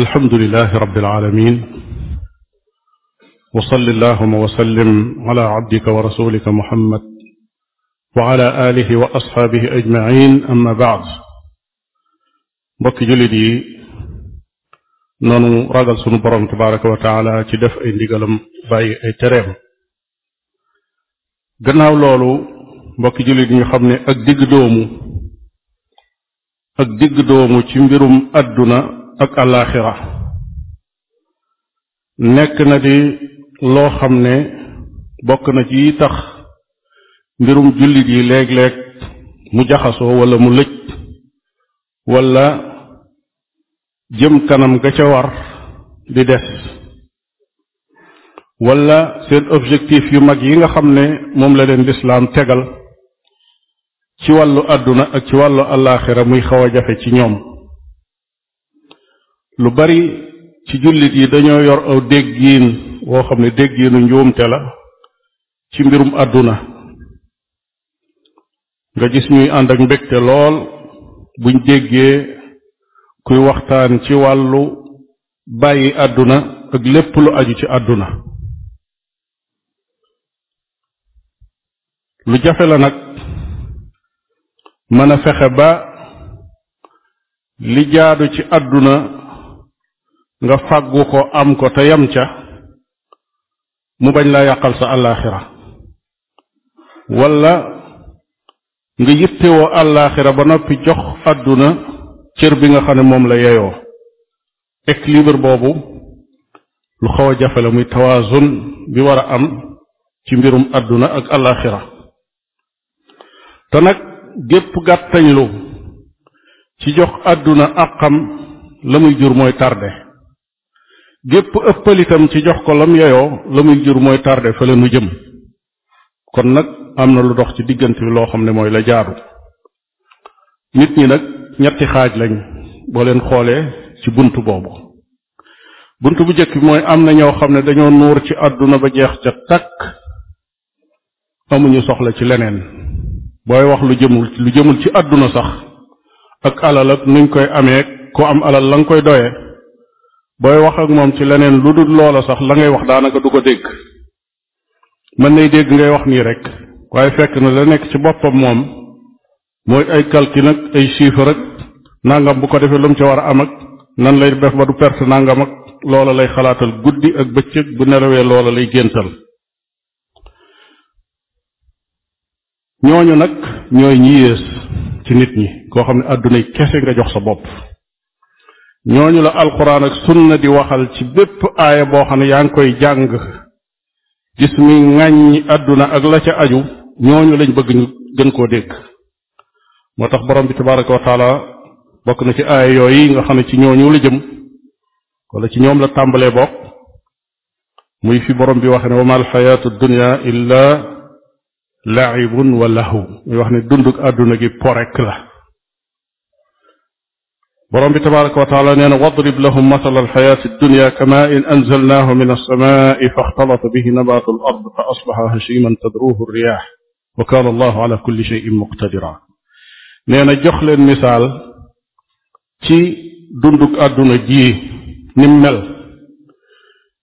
alhamdulilahi rabbil aalamiin wa salli allaahumma wa sallim ala abdika wa rasulika muhammad wa ala aalihi wa asxaabihi ajmaciin amma baad mbokki jullit yi noonu ragal sunu boroom tabaraka wa taala ci def ay ndigalam bàyyi ay tereem gannaaw loolu mbokki jullit yi ñu xam ne ak digg doomu ak digg doomu ci mbirum àdduna ak àllaaxira nekk na di loo xam ne bokk na ci yi tax mbirum jullit yi léeg-léeg mu jaxasoo wala mu lëj walla jëm kanam ga ca war di des wala seen objectif yu mag yi nga xam ne moom la leen lislaam tegal ci wàllu àdduna ak ci wàllu àllaaxira muy xaw a jafe ci ñoom lu bari ci jullit yi dañoo yor aw déggiin woo xam ne déggiinu njuumte la ci mbirum àdduna nga gis ñuy ànd ak mbégte lool buñ jéggee kuy waxtaan ci wàllu bàyyi àdduna ak lépp lu aju ci àdduna lu jafe la nag mën a fexe ba li jaadu ci àdduna nga fàggu ko am ko te yam ca mu bañ laa yàqal sa àllaaxira wala nga yittewoo àllaaxira ba noppi jox àdduna cër bi nga xam ne moom la yeyoo équilibre boobu lu xaw a jafe la muy tawaazun bi war a am ci mbirum àdduna ak àllaaxira te nag gépp gàttañlu ci jox àdduna àqam la muy jur mooy tardé gépp ëppal itam ci jox ko lam yeyoo la muy jur mooy tardé fële nu jëm kon nag am na lu dox ci diggante bi loo xam ne mooy la jaaru nit ñi nag ñetti xaaj lañ boo leen xoolee ci bunt boobu bunt bu njëkk bi mooy am na ñoo xam ne dañoo nuur ci àdduna ba jeex ca takk amuñu soxla ci leneen booy wax lu jëmul lu jëmul ci àdduna sax ak alal ak nuñ koy amee ku am alal la nga koy doyee booy wax ak moom ci leneen lu dul loola sax la ngay wax daanaka du ko dégg mën nay dégg ngay wax nii rek waaye fekk na la nekk ci boppam moom mooy ay calcul nag ay chiffres ak nangam bu ko defee lu ci war a am ak nan lay def ba du perte nangam ak loola lay xalaatal guddi ak bëccëg bu nelawee loola lay géntal ñooñu nag ñooy ñi yées ci nit ñi koo xam ne àdduna kese nga jox sa bopp ñooñu la alquran ak sunna di waxal ci bépp aaya boo xam ne yaa ngi koy jàng gis mi ŋàññi àdduna ak la ca aju ñooñu lañ bëgg ñu gën koo dégg moo tax borom bi tabaraka wa taala bokk na ci aaya yooyu nga xam ne ci ñooñu la jëm wala ci ñoom la tàmbalee bokk muy fi borom bi waxe ne wama alxayaatu dunya illa laibun wa lahu muy wax ne dunduk àdduna gi porek la borom bi tabaraka wa taala nee na wadrib lahum masala alxayaati addunia kama in anzalnaahu min alsamaai faxtalata bihi nabaatu al ard fa asbaxa hashiman tadruuhu riyaax wa kaana allahu ala kulli cheyin muqtadira nee na jox leen misaal ci dunduk àdduna jii nim mel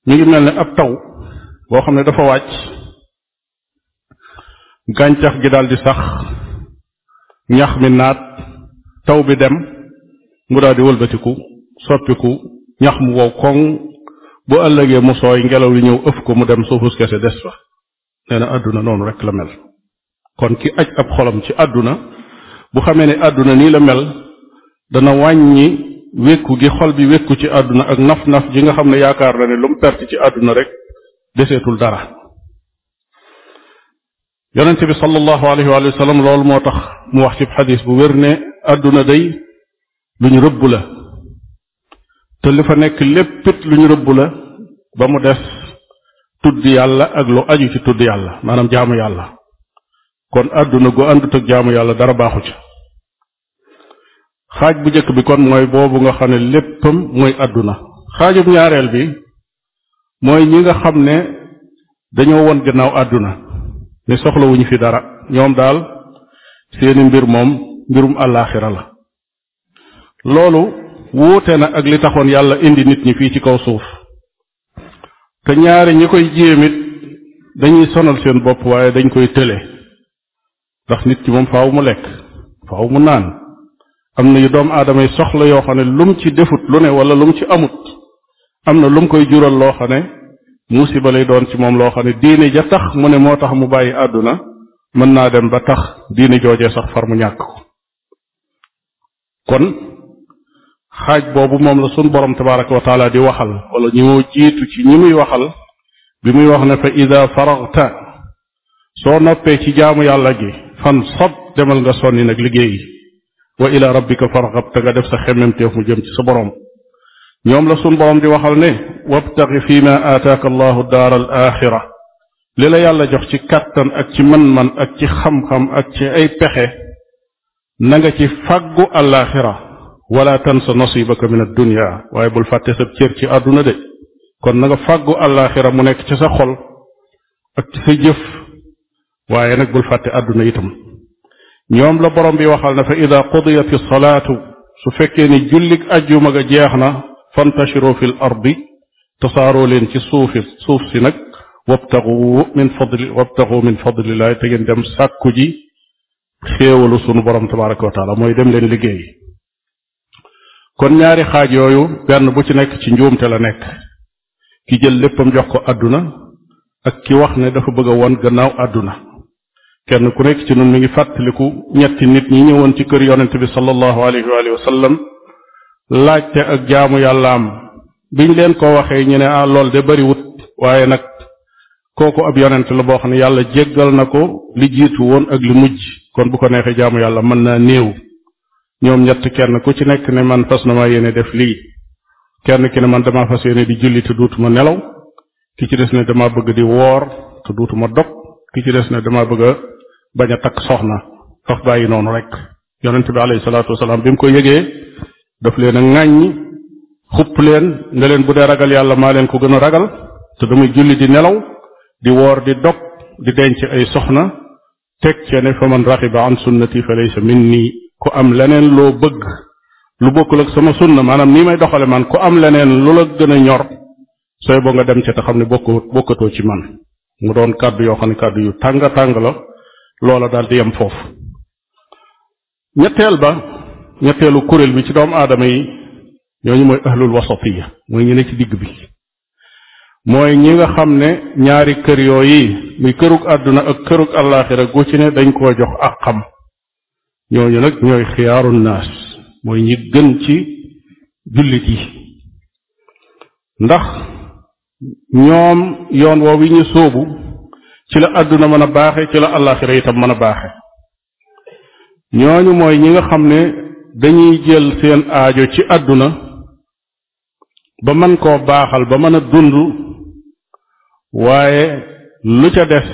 mi ngi mel ne ab taw boo xam ne dafa wàcc gàncax gi daal di sax ñax mi naat taw bi dem mu daal di wëlbatiku soppiku ñax mu wow koŋ bu ëllëgee mu sooy ngelaw li ñëw ëf ko mu dem suufus kese des fa nee na àdduna noonu rek la mel kon ki aj ab xolam ci àdduna bu xamee ne àdduna nii la mel dana wàññi wékku gi xol bi wékku ci àdduna ak naf-naf ji nga xam ne yaakaar na ne lu mu perte ci àdduna rek deseetul dara yonente bi sallallahu alayhi wa sallam loolu moo tax mu wax ci xadis bu wér ne àdduna day lu ñu rëbb la te li fa nekk léppit lu ñu rëbb la ba mu des tudd yàlla ak lu aju ci tudd yàlla maanaam jaamu yàlla kon àdduna gu àndut ak jaamu yàlla dara baaxu ca xaaj bu njëkk bi kon mooy boobu nga xam ne léppam mooy àdduna xaajub ñaareel bi mooy ñi nga xam ne dañoo won gannaaw àdduna ne soxlawuñu fi dara ñoom daal seeni mbir moom mbirum àllaaxira la loolu wuute na ak li taxoon yàlla indi nit ñi fii ci kaw suuf te ñaari ñi koy jéemit dañuy sonal seen bopp waaye dañ koy tële ndax nit ki moom faaw mu lekk faaw mu naan am na yu doomu aadama yi soxla yoo xam ne lum ci defut lu ne wala lum ci amut am na lum koy jural loo xam ne musiba lay doon ci moom loo xam ne diine ja tax mu ne moo tax mu bàyyi àdduna mën naa dem ba tax diine joojee sax far mu ñàkk ko kon xaaj boobu moom la sun borom tabaraka wa taala di waxal walla ñi moo jiitu ci ñi muy waxal bi muy wax ne fa ida faragta soo noppee ci jaamu yàlla gi fan sob demal nga sonni nag liggéey wa ila rabbika fargab te nga def sa xemmemteef mu jëm ci sa borom ñoom la sun borom di waxal ne wabtaqi fi ma aataaka allahu daar al axira li la yàlla jox ci kàttan ak ci man-man ak ci xam-xam ak ci ay pexe na nga ci fàggu alaxira wala tansa nasibaka min ad-dunya waaye bul fàtte sa ci àdduna de kon na nga fàggu àllaaxira mu nekk ci sa xol ak ci sa jëf waaye nag bul fàtte àdduna itam ñoom la borom bi waxal na fa ida qudiyat salaatu su fekkee ni jullig ajjuma ga jeex na fantashiru fi l ardi tasaaroo leen ci suufi suuf si nag wabtaxu min fadli wabtaxu min fadlillahi te ngeen dem sàkku ji xéewalu sunu borom tabaraka wa taala mooy dem leen liggéey kon ñaari xaaj yooyu benn bu ci nekk ci njuumte la nekk ki jël léppam jox ko àdduna ak ki wax ne dafa bëgg a won gannaaw àdduna kenn ku nekk ci nun mu ngi fàttaliku ñetti nit ñi ñëwoon ci kër yonent bi sallallahu alayhi wa sallam laajte ak jaamu yàllaam biñ leen ko waxee ñu ne ah, lool de bariwut waaye nag kooku ab yonent la boo xam ne yàlla jéggal na ko li jiitu woon ak li mujj kon bu ko neexee jaamu yàlla mën naa néew ñoom ñett kenn ku ci nekk ne man fas na maa yéene def lii kenn ki ne man damaa fas yéene di julli te duutuma nelaw ki ci des ne damaa bëgg di woor te duutuma dog ki ci des ne dama bëgg a bañ a takk soxna faf bàyyi noonu rek yonente bi alayhi salaatu wasalaam bi mu ko yëgee daf leen a ŋàññi xupp leen ne leen bu dee ragal yàlla maa leen ko gën a ragal te damay julli di nelaw di woor di dog di denc ay soxna teg ci ne fa man raxiba an sunnati fa laysa minni ku am leneen loo bëgg lu bokkul ak sama sunna maanaam nii may doxale man ku am leneen lu la gën a ñor sooy boo nga dem ca te xam ne bokk bokkatoo ci man mu doon kàddu yoo xam ne kàddu yu tàng tàng la loola daal di yem foofu ñetteel ba ñetteelu kuréel bi ci doomu aadama yi ñooñu mooy ahlul wasatiya mooy ñu ci digg bi mooy ñi nga xam ne ñaari kër yooyu muy kërug àdduna ak kërug àllaaxira gu ci ne dañ koo jox ak xam ñooñu nag ñooy xiyaaru naas mooy ñi gën ci jullit yi ndax ñoom yoon woow yi ñu sóobu ci la àdduna mën a baaxe ci la àllaaxira itam mën a baaxe ñooñu mooy ñi nga xam ne dañuy jël seen aajo ci àdduna ba mën koo baaxal ba mën a dund waaye lu ca des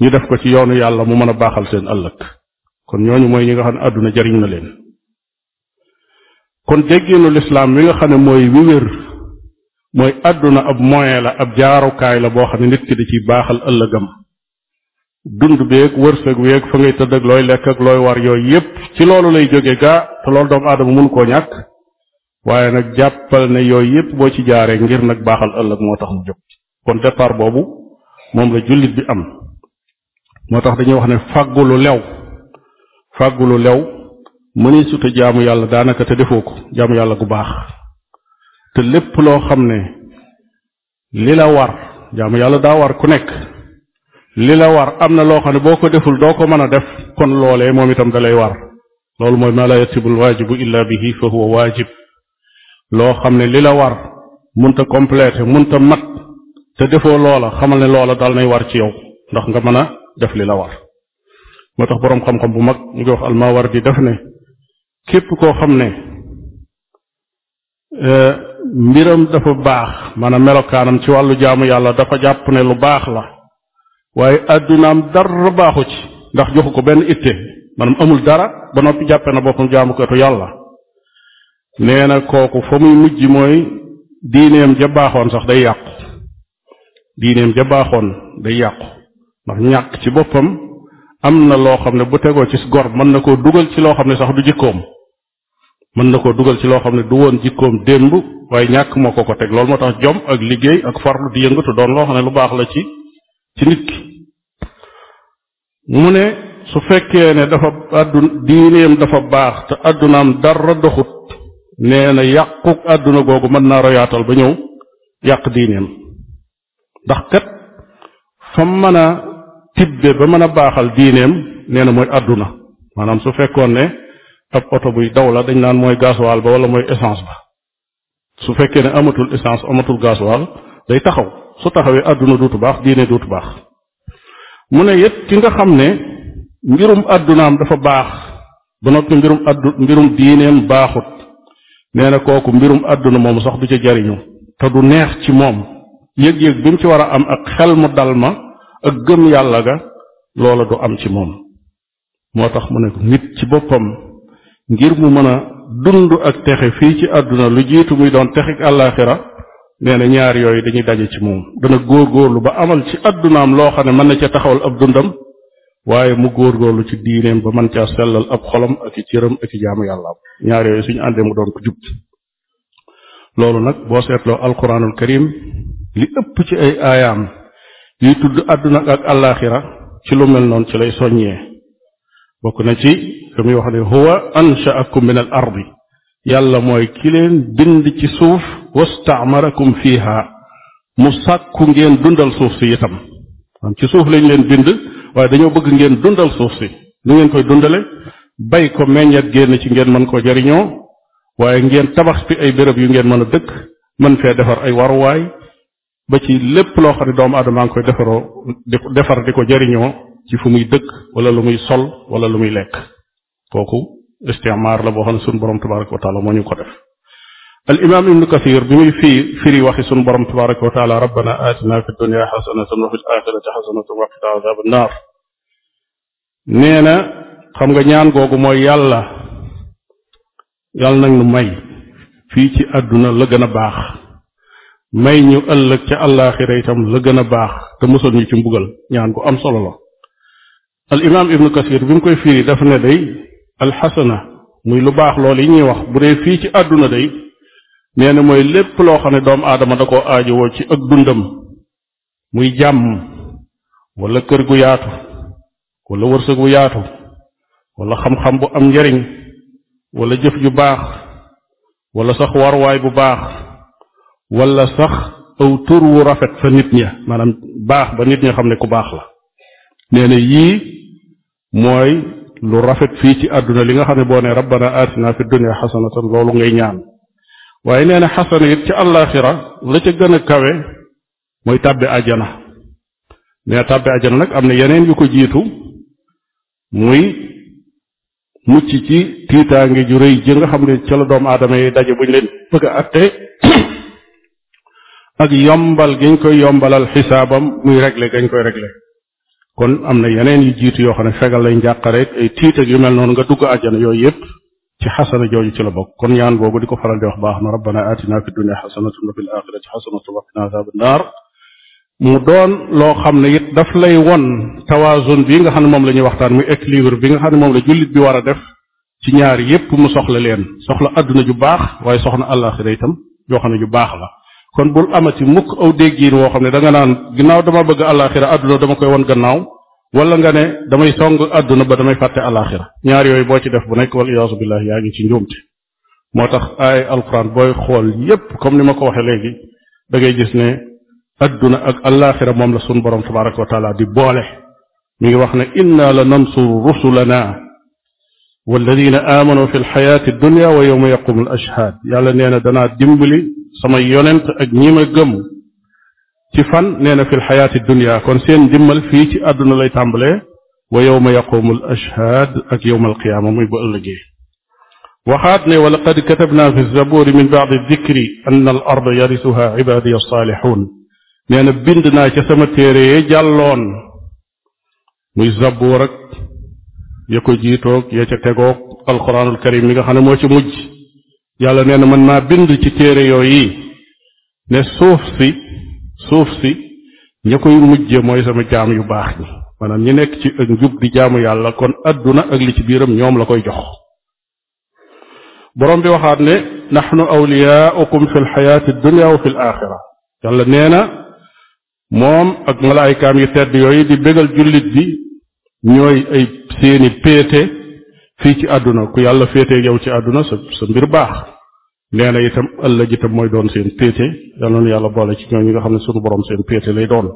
ñu def ko ci yoonu yàlla mu mën a baaxal seen ëllëg kon ñooñu mooy ñi nga xam ne àdduna jariñ na leen kon déggeenu lislaam wi nga xam ne mooy wi wér mooy àdduna ab moyen la ab jaarukaay la boo xam ne nit baaxal ëllëgam dund beeg wërsëg weeg fa ngay tëdd ak looy lekk ak looy war yooyu yépp ci loolu lay jóge gaa te loolu doomu aadama mënu koo ñàkk waaye nag jàppal ne yooyu yépp boo ci jaaree ngir nag baaxal ëllëg moo tax mu jóg kon départ boobu moom la jullit bi am moo tax dañuy wax ne fàggulu lew fàggulu lew mëni suta jaamu yàlla daanaka te defoo ko jaamu yàlla gu baax te lépp loo xam ne li la war jaamu yàlla daa war ku nekk li la war am na loo xam ne boo ko deful doo ko mën a def kon loolee moom itam da lay war loolu mooy ma la yatibul waajibu illa bihi fa huwa waajib loo xam ne li la war munta complété munta mat te defoo loola xamal ne loola daal nay war ci yow ndax nga mën a def li la war moo tax boroom xam-xam bu mag ñu koy wax almawardi daf ne képp koo xam ne e, mbiram dafa baax maanaam melokaanam ci wàllu jaamu yàlla dafa jàpp ne lu baax la waaye àddunaam dara baaxu ci ndax joxu ko benn itte maanaam amul dara ba noppi jàppe na boppam jaamukatu yàlla nee na kooku fa muy mujj mooy diineem ja baaxoon sax day yàqu diineem ja baaxoon day yàqu ndax ñàkk ci boppam am na loo xam ne bu tegoo ci gor mën na koo dugal ci loo xam ne sax du jikkoom mën na koo dugal ci loo xam ne du woon jikkoom démb waaye ñàkk moo ko ko teg lool moo tax jom ak liggéey ak farlu di yëngatu doon loo xam ne lu baax la ci ci nit ki mu ne su fekkee ne dafa addu diineem dafa baax te àddunaam dara doxut nee na yàquk àdduna googu mën naa royaatal ba ñëw yàq diineem ndax kat fam mën a tibbe ba mën a baaxal diineem nee na mooy àdduna maanaam su fekkoon ne ab oto buy daw la dañ naan mooy gasoil ba wala mooy essence ba su fekkee ne amatul essence amatul gasoil day taxaw su taxawee àdduna duutu baax diine duutu baax mu ne yëpp ki nga xam ne mbirum àddunaam dafa baax ba noppi mbirum addu mbirum diineem baaxut nee na kooku mbirum àdduna moomu sox du ci jariñu te du neex ci moom yëg-yëg bi mu ci war a am ak xel mu dal ma ak gëm yàlla ga loola du am ci moom moo tax mu ne nit ci boppam ngir mu mën a dund ak texe fii ci àdduna lu jiitu muy doon texe ak àllaaxira nee na ñaar yooyu dañuy daje ci moom dana góor góorlu ba amal ci àddunaam loo xam ne mën na ca taxawal ab dundam waaye mu góor góorgóorlu ci diineem ba mën caa sellal ab xolam ak i cëram ak i jaamu yàllaam ñaar yooyu suñu àndee mu doon ko jub loolu nag boo seetloo alquranul karim li ëpp ci ay aayaam yuy tudd àdduna ak àllaaxira ci lu mel noonu ci lay soññee bokk na ci ka muy wax ne huwa anshaakum min al ardi yàlla mooy ki leen bind ci suuf wastaamarakum fiiha mu sàkku ngeen dundal suuf si itam ci suuf lañ leen bind waaye dañoo bëgg ngeen dundal suuf si nu ngeen koy dundale bay ko meññat génn ci ngeen mën koo jariñoo waaye ngeen tabax fi ay bërëb yu ngeen mën a dëkk mën fee defar ay waruwaay ba ci lépp loo xam ne doomu aadama ngi koy defaroo di defar di ko jariñoo ci fu muy dëkk wala lu muy sol wala lu muy lekk kooku istimaar la boo xam ne sunu borom tabaraka moo ñu ko def al imam ibnu kathir bi muy fii firi waxi borom tabaraka wa taala rabbana atina fi dunya na xam nga ñaan googu mooy yàlla yàlla nag lu may fii ci àdduna la gën a baax may ñu ëllëg ca àllaaxira tam la gën a baax te musal ñu ci mbugal ñaan gu am solo la al imaam ibnu kasir bi mu koy firi dafa ne day alxasana muy lu baax lool yi ñuy wax bu dee fii ci àdduna day nee na mooy lépp loo xam ne doomu aadama da koo aajowoo ci ak dundam muy jàmm walla kër gu yaatu wala wërsëg gu yaatu wala xam-xam bu am njariñ walla jëf ju baax wala sax warwaay bu baax wala sax aw tur wu rafet fa nit ña maanaam baax ba nit ña xam ne ku baax la nee na yii mooy lu rafet fii ci àdduna li nga xam ne boo ne rabbana atina fi dunya xasanatan loolu ngay ñaan waaye nee na xasana it ci àllaaxira la ca gën a kawe mooy tàbbi ajjana nee na tàbbi ajjana nag am na yeneen yu ko jiitu muy mucc ci tiitaange ju rëy ji nga xam ne ca doomu aadama yi daje buñ leen bëgg a atte ak yombal gañ koy yombalal xisaabam muy régler gañ koy régler kon am na yeneen yu jiitu yoo xam ne fegal lay njàqareeg ay tiit yu mel noonu nga dugg àjjana yooyu yépp ci xasana jooju ci la bokk kon ñaan boobu di ko faral di wax baax na rabbana atina fi dunya xasanatan na fil axirati xasanatan wa qina azaban naar mu doon loo xam ne it daf lay won tawazun bi nga xam ne moom la ñuy waxtaan muy équilibre bi nga xam ne moom la jullit bi war a def ci ñaar yépp mu soxla leen soxla adduna ju baax waaye soxna àllaaxira yoo xam ne ju baax la kon bul amati mukk aw déggiin woo xam ne da nga naan ginnaaw dama bëgg alaxira àdduna dama koy won gannaaw wala nga ne damay song àdduna ba damay fàtte alaxira ñaar yooyu boo ci def bu nekk wala iyaasu billah yaa ngi ci njuumte moo tax ay alquran booy xool yépp comme ni ma ko waxee léegi dangay gis ne àdduna ak alaxira moom la sun borom tabaraka wa taala di boole mu ngi wax ne inna la nansuru rusulana walladina amanu fi alxayaati dunya wa yawma yaqumu al yàlla nee na danaa dimbali sama yonent ak ñi ma gëm ci fan nee na fil xayaati kon seen jëmmal fii ci àdduna lay tàmbalee wa yowma yaqumu al ashhaad ak yowma al qiyaama muy ba ëllëgee waxaat ne wa laqad katabna fi zabuuri min ba'di dikri anna al yarisuha ibaadiya saalixuun nee na bind naa ca sama téere yee jàlloon muy zabuur ak ya ko ya ca tegoog alquranul karim mi nga xam ne moo ci mujj yàlla nee na man maa bind ci téere yooyu ne suuf si suuf si ña koy mujje mooy sama jaam yu baax ñi maanaam ñi nekk ci ak njub di jaamu yàlla kon adduna ak li ci biiram ñoom la koy jox borom bi waxaat ne naxnu awliyaukum fi lxayaati dunia wa fi l yàlla nee na moom ak malaayikaam yu tedd yooyu di bégal jullit bi ñooy ay seeni péete fii ci àdduna ku yàlla féeteeg yow ci àdduna sa sa mbir baax nee na itam ëllëg itam mooy doon seen péete yàlla na yàlla boole ci ñooñu nga xam ne sunu borom seen péete lay doon.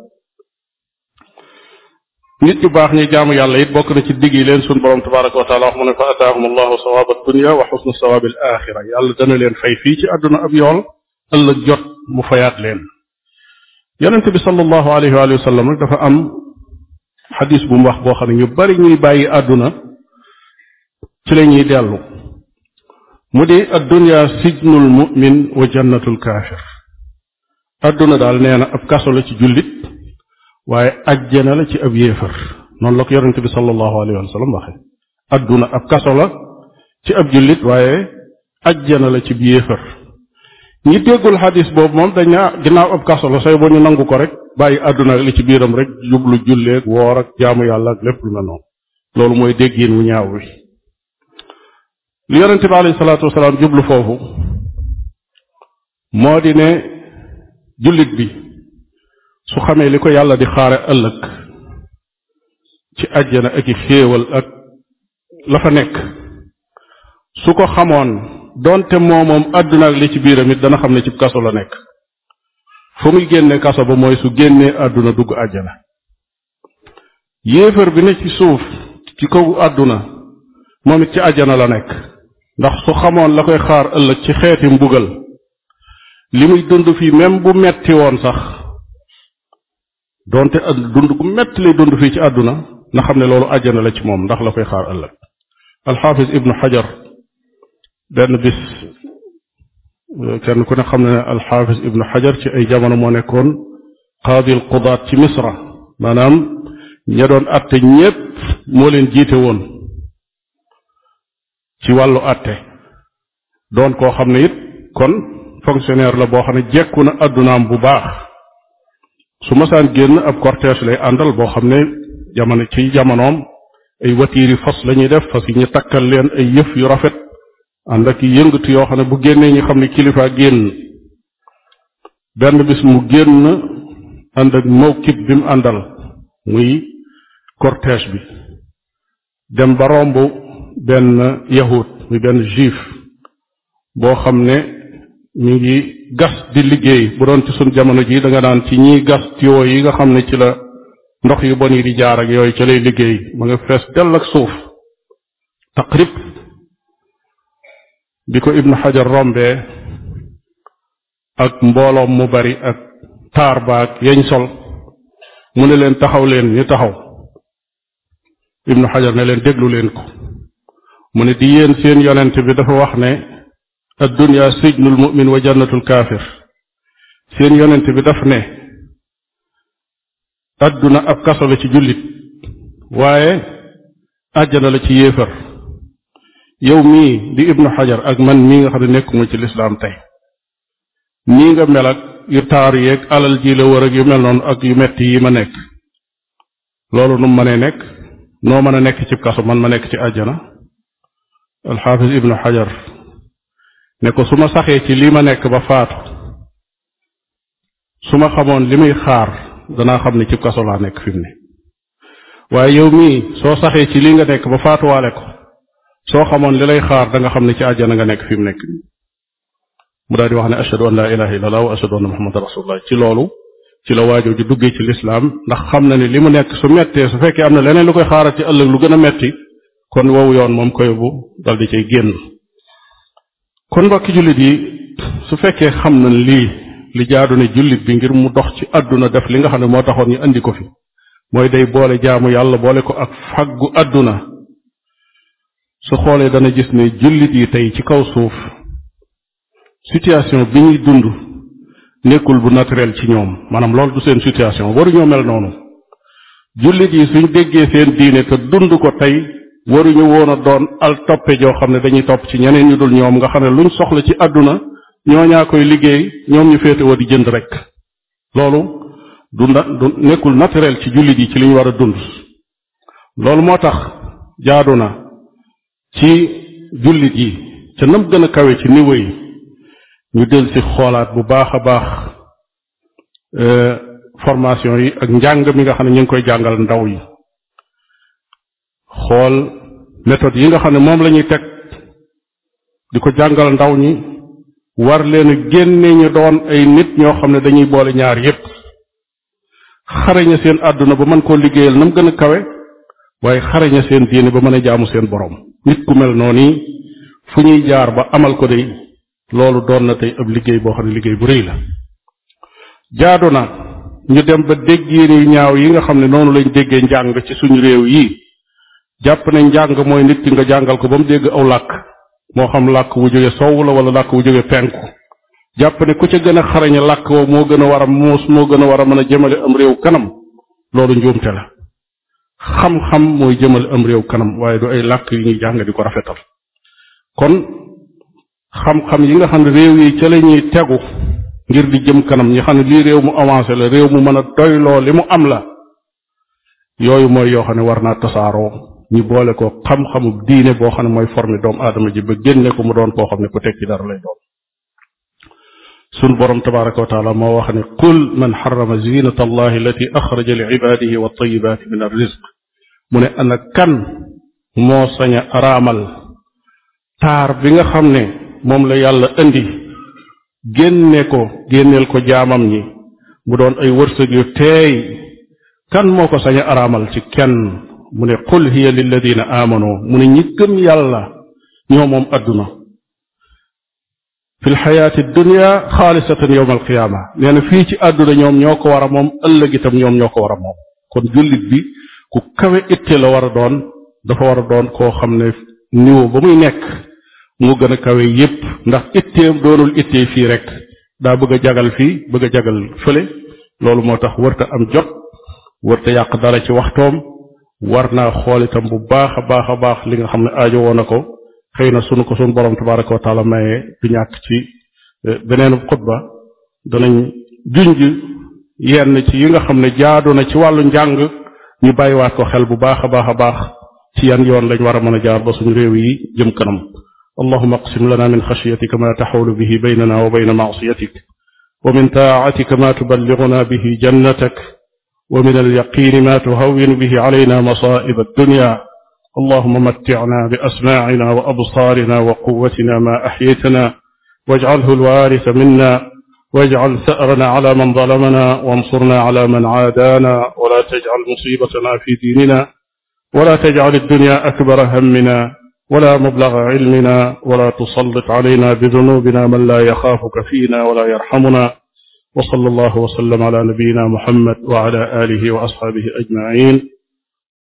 nit ñu baax ñi jaamu yàlla it bokk na ci digg yi leen sunu borom tabaraka wa taala wax mu ne fa ataahum allahu sawaab addunya wa xusnu sawaab al axira ci àdduna ab yool ëllëg jot mu fayaat leen. yonent bi sallallahu alayhi wa sallam dafa am xadis bu mu wax boo xam ne ñu bari ñuy bàyyi àdduna. ci la ñuy dellu mu di addunya sijnul mu'min wa jannatul kaafir adduna daal nee na ab kaso la ci jullit waaye ajjana la ci ab yéefar noonu la ko yonente bi sallallahu alayhi waxe adduna ab kaso la ci ab jullit waaye ajjana la ci yéefar ñi déggul xadis boobu moom dañ naa ginnaaw ab kaso la say boo ñu nangu ko rek bàyyi adduna li ci biiram rek jublu julleeg woor ak jaamu yàlla ak lépp lu mel loolu mooy déggiin wu ñaaw wi li yonente bi alayhi salaatu wasalaam jublu foofu moo di ne jullit bi su xamee li ko yàlla di xaare ëllëg ci àjjana ak i xéewal ak la fa nekk su ko xamoon doonte moomoom àdduna ak li ci biiram dana xam ne ci kaso la nekk fu muy génne kaso ba mooy su génnee àdduna dugg àjjana yéefar bi ne ci suuf ci kaw àdduna moom ci àjjana la nekk ndax su xamoon la koy xaar ëllëg ci xeeti mbugal li muy dund fii même bu metti woon sax doonte ak dund gu metti lay dund fii ci àdduna na xam ne loolu àjjana la ci moom ndax la koy xaar ëllëg alxaafis ibnu xajar benn bis kenn ku ne xam ne alxaafis ibnu xajar ci ay jamono moo nekkoon qaadil qudaat ci misra maanaam ña doon atte ñépp moo leen jiite woon ci wàllu àtte doon koo xam ne it kon fonctionnaire la boo xam ne jekku na addunaam bu baax su masaan génn ab cortège lay àndal boo xam ne jamono ci jamonoom ay watiiri fas lañuy def fas yi ñu takkal leen ay yëf yu rafet ànd ak yëngatu yoo xam ne bu génnee ñu xam ne kilifaa génn benn bis mu génn ànd ak mawkib bi mu àndal muy cortège bi dem ba romb benn yahut muy benn juif boo xam ne mi ngi gas di liggéey bu doon ci suñ jamono ji da nga naan ci ñiy gas tuyoo yi nga xam ne ci la ndox yu bon yi di jaar ak yooyu ca lay liggéey ma nga fees dell ak suuf taqrib bi ko ibnu xajar rombee ak mbooloom mu bari ak taar baak yañ sol mu ne leen taxaw leen ñu taxaw ibnu xajar ne leen déglu leen ko mu ne di yéen seen yonent bi dafa wax ne addunya sijnul mu'min wa jannatul kaafir seen yonent bi daf ne adduna ab kaso la ci jullit waaye àjjana la ci yéefar yow mii di ibnu xajar ak man mii nga xam ne nekkuma ci lislaam tey nii nga mel ak yu taar yeeg alal ji la wër yu mel noonu ak yu metti yi ma nekk loolu nu mu mënee nekk noo mën a nekk ci kaso man ma nekk ci àjjana alxaafis ibnu xajar ne ko su ma saxee ci lii ma nekk ba faatu su ma xamoon li muy xaar danaa xam ne ci kaso laa nekk fi mu ne waaye yow mii soo saxee ci lii nga nekk ba faatuwaale ko soo xamoon li lay xaar da nga xam ne ci àjjana nga nekk fi mu nekk nii mu daal di wax ne ashadu an laa ilaha illallah wa ashadu anna muhammadan rasulullah ci loolu ci la waajoo ju duggee ci lislaam ndax xam na ne li mu nekk su mettee su fekkee am na leneen lu koy xaarat ci ëllëg lu gën a metti kon woowu yoon moom ko yóbbu dal di cay génn kon mbokki jullit yi su fekkee xam na lii li jaadu ne jullit bi ngir mu dox ci àdduna def li nga xam ne moo taxoon ñu indi ko fi mooy day boole jaamu yàlla boole ko ak faggu àdduna su xoolee dana gis ne jullit yi tey ci kaw suuf situation bi ñuy dund nekkul bu naturel ci ñoom maanaam loolu du seen situation waruñoo mel noonu jullit yi suñ déggee seen diine te dund ko tey waruñu woon a doon al toppe joo xam ne dañuy topp ci ñeneen ñu dul ñoom nga xam ne luñ soxla ci àdduna ñoo ñaa koy liggéey ñoom ñu féetewoo di jënd rek loolu du na du nekkul naturel ci jullit yi ci li ñu war a loolu moo tax jaadu na ci jullit yi ca nam gën a kawe ci niveau yi ñu del ci xoolaat bu baax a baax euh, formation yi ak njàng mi nga xam ne ñu ngi koy jàngal ndaw yi xool méthode yi nga xam ne moom la ñuy teg di ko jàngal ndaw ñi war leen génne ñu doon ay nit ñoo xam ne dañuy boole ñaar yépp xaraña seen àdduna ba mën koo liggéeyal nam gën a kawe waaye xaraña seen diine ba mën a jaamu seen boroom nit ku mel noonu fu ñuy jaar ba amal ko day loolu doon na tey ab liggéey boo xam ne liggéey bu réy la jaadu na ñu dem ba déggéen yu ñaaw yi nga xam ne noonu lañ déggee njàng ci suñu réew yi jàpp ne njàng mooy nit nga jàngal ko ba mu dégg aw làkk moo xam làkk wu jóge soww la wala làkk wu jóge penku jàpp ku ci gën a xarañ làkk woo moo gën a war a moos moo gën a war a mën a jëmale am réew kanam loolu njuumte la xam-xam mooy jëmale am réew kanam waaye du ay làkk yu ñuy jàng di ko rafetal kon xam-xam yi nga xam ne réew yi ca ñuy tegu ngir di jëm kanam ñi xam ne lii réew mu avancé la réew mu mën a doyloo li mu am la yooyu mooy yoo xam ne war naa tasaaroo ñu boole ko xam-xamu diine boo xam ne mooy former doomu aadama ji ba génne ko mu doon koo xam ne ku tekki dara lay doon sun borom tabaraka wa taala moo wax ne qul man xarama zinata allahi allati axraja li ibadihi wa tayibaati min ar risq mu ne ana kan moo sañ a araamal taar bi nga xam ne moom la yàlla indi génne ko génneel ko jaamam ñi mu doon ay wërsëg yu teey kan moo ko sañ araamal ci kenn mu ne qul hiya lilladina amano mu ne ñi gëm yàlla ñoo moom adduna fi lxayaati dunia xaalisatan yowma alqiyaama nee na fii ci àdduna ñoom ñoo ko war a moom ëllëg itam ñoom ñoo ko war a moom kon jullit bi ku kawe itte la war a doon dafa war a doon koo xam ne niveau ba muy nekk mu gën a kawe yépp ndax itteem doonul ittee fii rek daa bëgg a jagal fi bëgg a jagal fële loolu moo tax warta am jot warta yàq dara ci waxtoom war naa xool itam bu baax a baax a baax li nga xam ne aajo woon na ko xëy na sunu ko sunu borom tabaraka wa taala maye du ñàkk ci eh, beneen xutba danañ junj yenn ci yi nga xam ne jaadu na ci wàllu njàng ñu bàyyiwaat ko xel bu baax a baax a baax ci yan yoon lañ war a mën a jaar ba suñu réew yi jëm kanam allahuma aqsim lana min xashiyatika ma taxawlu bihi baynana wa bayna maasiyatik wa min taacatika ma tuballiguna bihi jannatak ومن اليقين ما تهون به علينا مصائب الدنيا اللهم متعنا بأسماعنا وأبصارنا وقوتنا ما أحييتنا واجعله الوارث منا واجعل ثأرنا على من ظلمنا وانصرنا على من عادانا ولا تجعل مصيبتنا في ديننا ولا تجعل الدنيا أكبر همنا ولا مبلغ علمنا ولا تسلط علينا بذنوبنا من لا يخافك فينا ولا يرحمنا wa sallallahu wa sallam ala nabiyyina muhammad wa ala alihi wa ashabihi ajma'in